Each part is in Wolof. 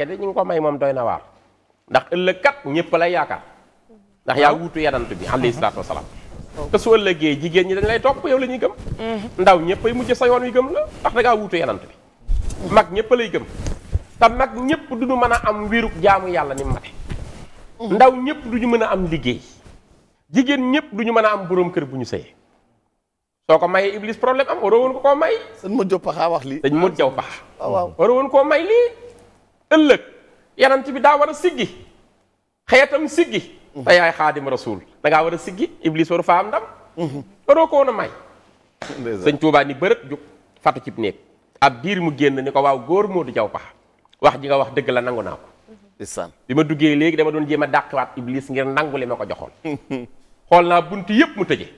Mbàkke ngi ko may moom doy na waar ndax ëllëg kat ñëpp lay yaakaar ndax yaa wuutu yanant bi alayhi salaatu wasalaam te su ëllëgee jigéen ñi dañ lay topp yow la ñuy gëm ndaw ñëpp ay mujj sa yoon wi gëm la ndax da ngaa wuutu yanant bi mag ñëpp lay gëm te mag ñëpp du ñu mën a am wérug jaamu yàlla ni mate ndaw ñëpp du ñu mën a am liggéey jigéen ñëpp du ñu mën a am borom kër bu ñu sëyee soo ko mayee iblis problème am waroo woon ko koo may. sëñ Modou Diop Paxa wax lii. sëñ Modou Diop Paxa. Ah, waaw waroo woon koo may lii. ëllëg yanant bi daa war a siggi xeetam siggi mhm. te yaay xaadim rasul da ngaa war a siggi iblis waru faa am ndam mhm. waroo ko a may sëñ Tuubaa ni bërët jóg fatu cib néeg ab biir mu génn ni ko waaw góor moo Moodu Jaw Pax wax ji nga wax dëgg la nangu naa ko bi ma duggee léegi dama doon jéem a dàqiwaat iblis ngir nangu li ma ko joxoon xool naa bunt yépp mu tëje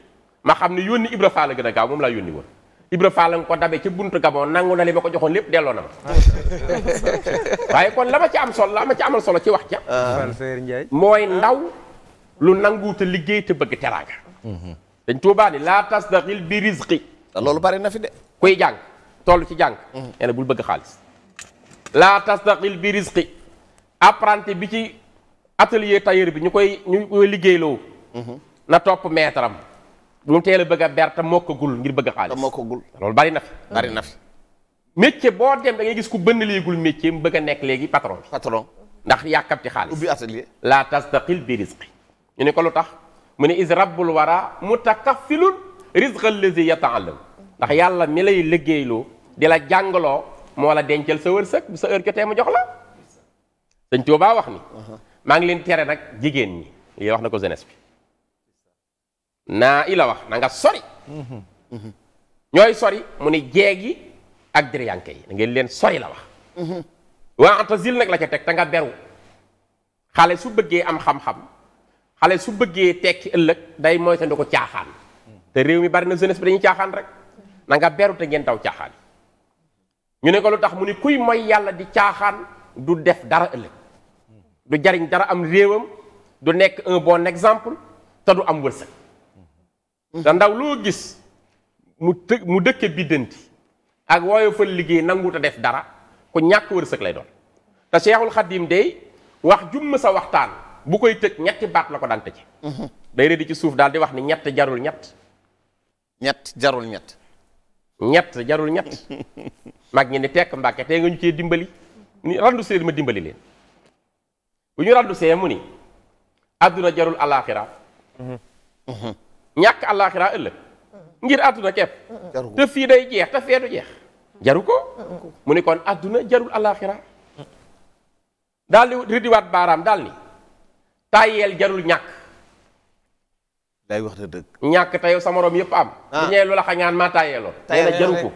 ma xam ne yónni Ibra Faal la gën a gaaw moom laa yónni woon Ibra Fall nga ko dabe ci buntu Gabon nangu na li ma ko joxoon lépp delloo ma waaye kon la ma ci am solo la ma ci amal solo ci wax ja ah. mooy ndaw lu nangu te liggéey te bëgg teraanga mhm. dañ tuubaa ni laa tasdaxil bi rizqi ah, loolu bari na fi de kuy jàng toll ci jàng mhm. nee bul bëgg xaalis laa tasdaxil bi rizqi apprenti bi ci atelier tailleur bi ñu koy ñu koy mhm. na topp maître mu teel a bëgg a ber te ngir bëgg a xaalis. te loolu bari na fi. na fi. boo dem da ngay gis ku bënn léegul métier mu bëgg a nekk léegi patron bi. patron ndax yàkkamti xaalis. ubbi atelier la tastaqil bi rizqi ñu ne ko lu tax mu ne is rabbul wara mutakaffilun rizqa allazi yata'allam ndax yàlla mi lay liggéeyloo di la jàngaloo moo la dencal sa wërsëg bu sa heure jotee mu jox la. sëñ Tuubaa wax ni. maa ngi leen tere nag jigéen ñi. lii wax na ko jeunesse bi. naa i la wax na nga sori ñooy sori mu ni jeeg yi ak diryanke yi da ngeen leen sori la wax waa antazil nag la ca teg te nga beru xale su bëggee am xam-xam xale su bëggee tekki ëllëg day moytandu ko caaxaan te réew mi bari na jeunesse bi dañuy caaxaan rek na nga beru te ngeen daw caaxaan ñu ne ko lu tax mu ni kuy mooy yàlla di caaxaan du def dara ëllëg du jariñ dara am réewam du nekk un bon exemple te du am wërsëg da ndaw loo gis mu të mu dëkke biddanti ak woyofal liggéey nanguut a def dara ku ñàkk wërsëg lay doon te Seexul Xadiim day wax jumma sa waxtaan bu koy tëj ñetti baat la ko daan tëje mhm. day rëdd ci suuf daal di wax ni ñett jarul ñett ñett jarul ñett ñett jarul ñett mag ñi ni tekk mbàkke tey nga ñu cee dimbali ni randu see ma dimbali leen bu ñu randu see mu ni àdduna jarul alaaxira mhm. mhm. ñàkk àllaaxiraa ëllëg ngir àdduna kepp te fii day jeex te feedu jeex jaru ko mu ni kon àdduna jarul àllaaxiraa daal di riddiwaat baaraam daal ni tàyyeel jarul ñàkk day wax na dëgg ñàkk te sa moroom yëpp am ah. bu ñee lu la maa tàyyeeloo nee jaru ko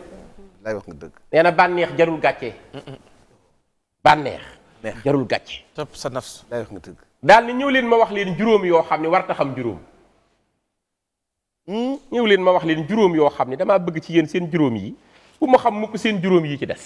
day wax nga dëgg nee bànneex jarul gàcce bànneex jarul gàcce topp sa nafs day wax nga dëgg daal ni ñëw leen ma wax leen juróom yoo xam ne war ta juróom Hmm? ñëw leen ma wax leen juróom yoo xam ne damaa bëgg ci yéen seen juróom yi bu ma xam mukk seen juróom yi ci des